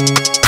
Thank you.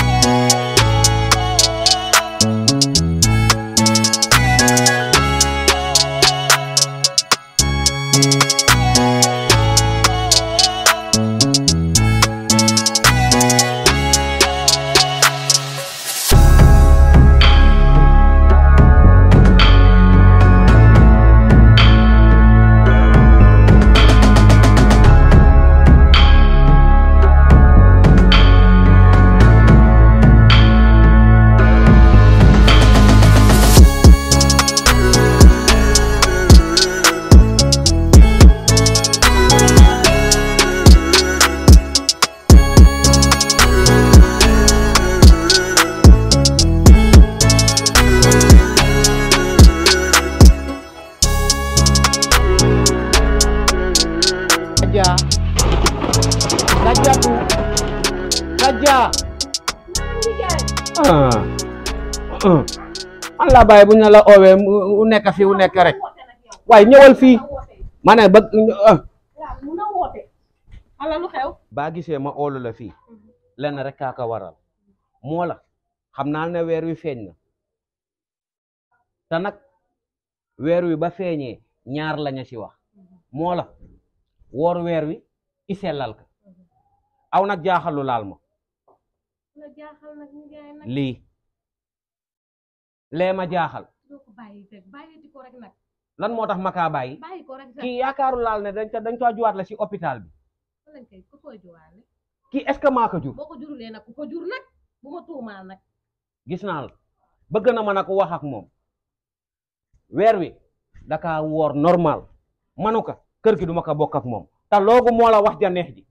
raja raja bu raja ah ah Allah bay bu ñu owe oh, oowee mu nekk fi mu nekk rek waaye ñëwal fii Allah lu xew ba gisé ma olu la fi lenn rek ka ka waral mo la xamna naa ne wi feeñ na ta nak weer wi ba feeñee ñaar lañ ci wax mo la woor weer wi i sellal ka mhm. aw nag jaaxalu laal ma lii lee ma jaaxal lan moo tax ma kaa bàyyi kii yaakaaru laal ne dañ ko dañ ko juwaat la si hôpital bi kii est-ce que maa ko jur boo ko nag ku ko jur nag bu ma tuumaal gis naa bëgg na ma nag wax ak moom weer wi dakaa woor normal manu ka kër gi duma ko bokk ak moom ta logo moo la wax ja neex ji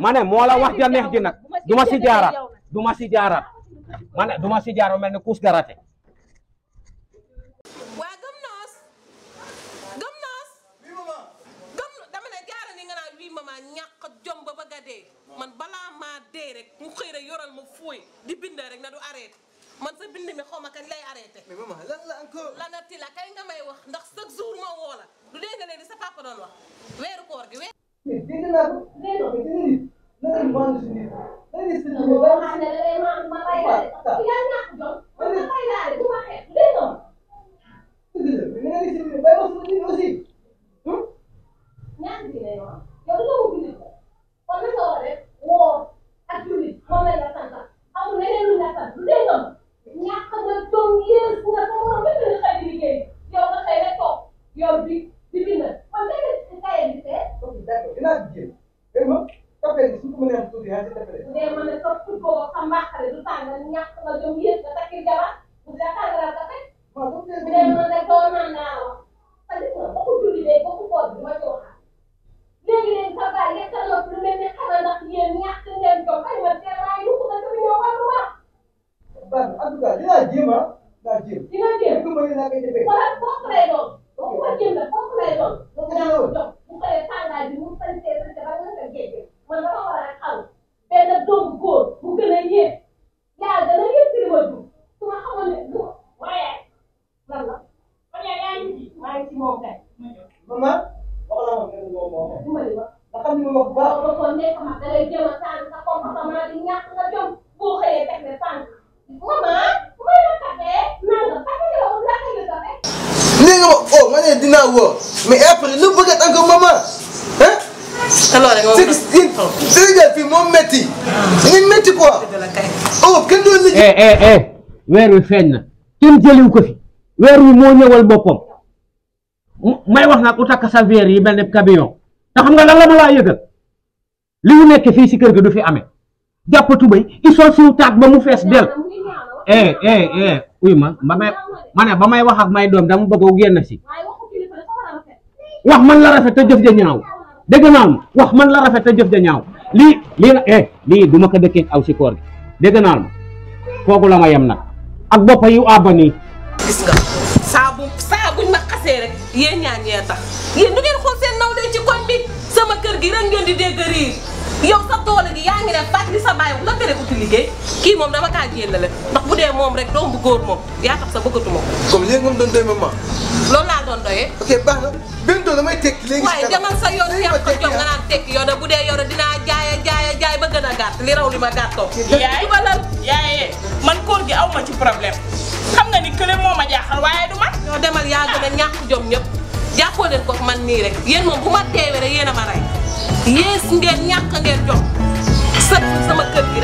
ma ne moo la wax ja neex ji nak duma si jaaraat duma si jaaraat ma mama duma si jaaraat mel ni kuus garate man balaa maa dee rek mu xëy rek yoral ma fooy di bind rek na du arrêté man sa bind mi ma lay arrêté. mais lan la encore. lanati la kay nga may wax ndax jour ma du nga sa doon wax weeru koor gi. dégg naa ko dégg naa ko dégg naa ko dégg naa ko dégg naa ko daal en tout cas dinaa jéem ah dinaa jéem. dinaa jéem li mu mën dinaa koy defee. wala foofu lay doon. foofu la jéem la foofu lay doon. foofu lay doon bu paree tàngaay mu fay see parce que ba nga ko géej man dama war a xaw benn doomu góor bu a a yéeg ci li ma dugg su ma xamoon ne du waaye lan la man yaa yaa ngi ma ne moom moo ma. dimbali ma nga xam ne ma wax bu baax. ma ko nekk ma da a dinaa wóor mais après lu bëgg a encore maman ah. te loolu rek moom oh. Sénégal fii moom métti. da ah. ngeen métti quoi. Oh, kenn doon la. Eh, eh eh weer wi feeñ na kenn jëliw ko fi weer wi moo ñëwal boppam may wax na ku takk sa verre yi mel ne camion te xam nga lan la ma laa yëgal li ñu nekk fii si kër gi du fi amee jàpp tubay ils sont sur taat ba mu fees del eh eh, eh uy ma ba may ma ne ba may wax may doom dama bëgg a génn si. wax man la rafet a jëf ja ñaaw dégg naa ma wax man la rafet a jëf ja ñaaw lii lii na eh lii du ma ko aw si koor gi dégg naa ma foogu la ma yem nag ak boppa yu àbba nii gis nga saa bu saa buñ ma xasee rek yéen ñaan tax yéen du ngeen xool seen naw ci koñ sama kër gi rek ngeen di dégg riir yow sa tool gi yaa ngi ne fàttali sa bàyyi bu la tere uti liggéey kii moom dama kaa génn la ndax bu dee moom rek doom bu góor moom yaa tax sa bëggatu moom. comme yéen nga doon doy doon doyee. ok baax na benn doon damay tekki léegi. waaye demal sa yoon nga naan tekki yow de bu dee yow de dinaa jaaya a jaay ba gën a gàtt li raw li ma gàttoo. yaay yaay man kóor gi aw ma ci problème xam nga ni kële moo ma jaaxal waaye du ma. demal yaa gën a ñàkk jom ñëpp jàppoo leen ko man nii rek yéen moom bu ma deewee rek a ma rey yées ngeen ñàkk ngeen jom sët sama kër gi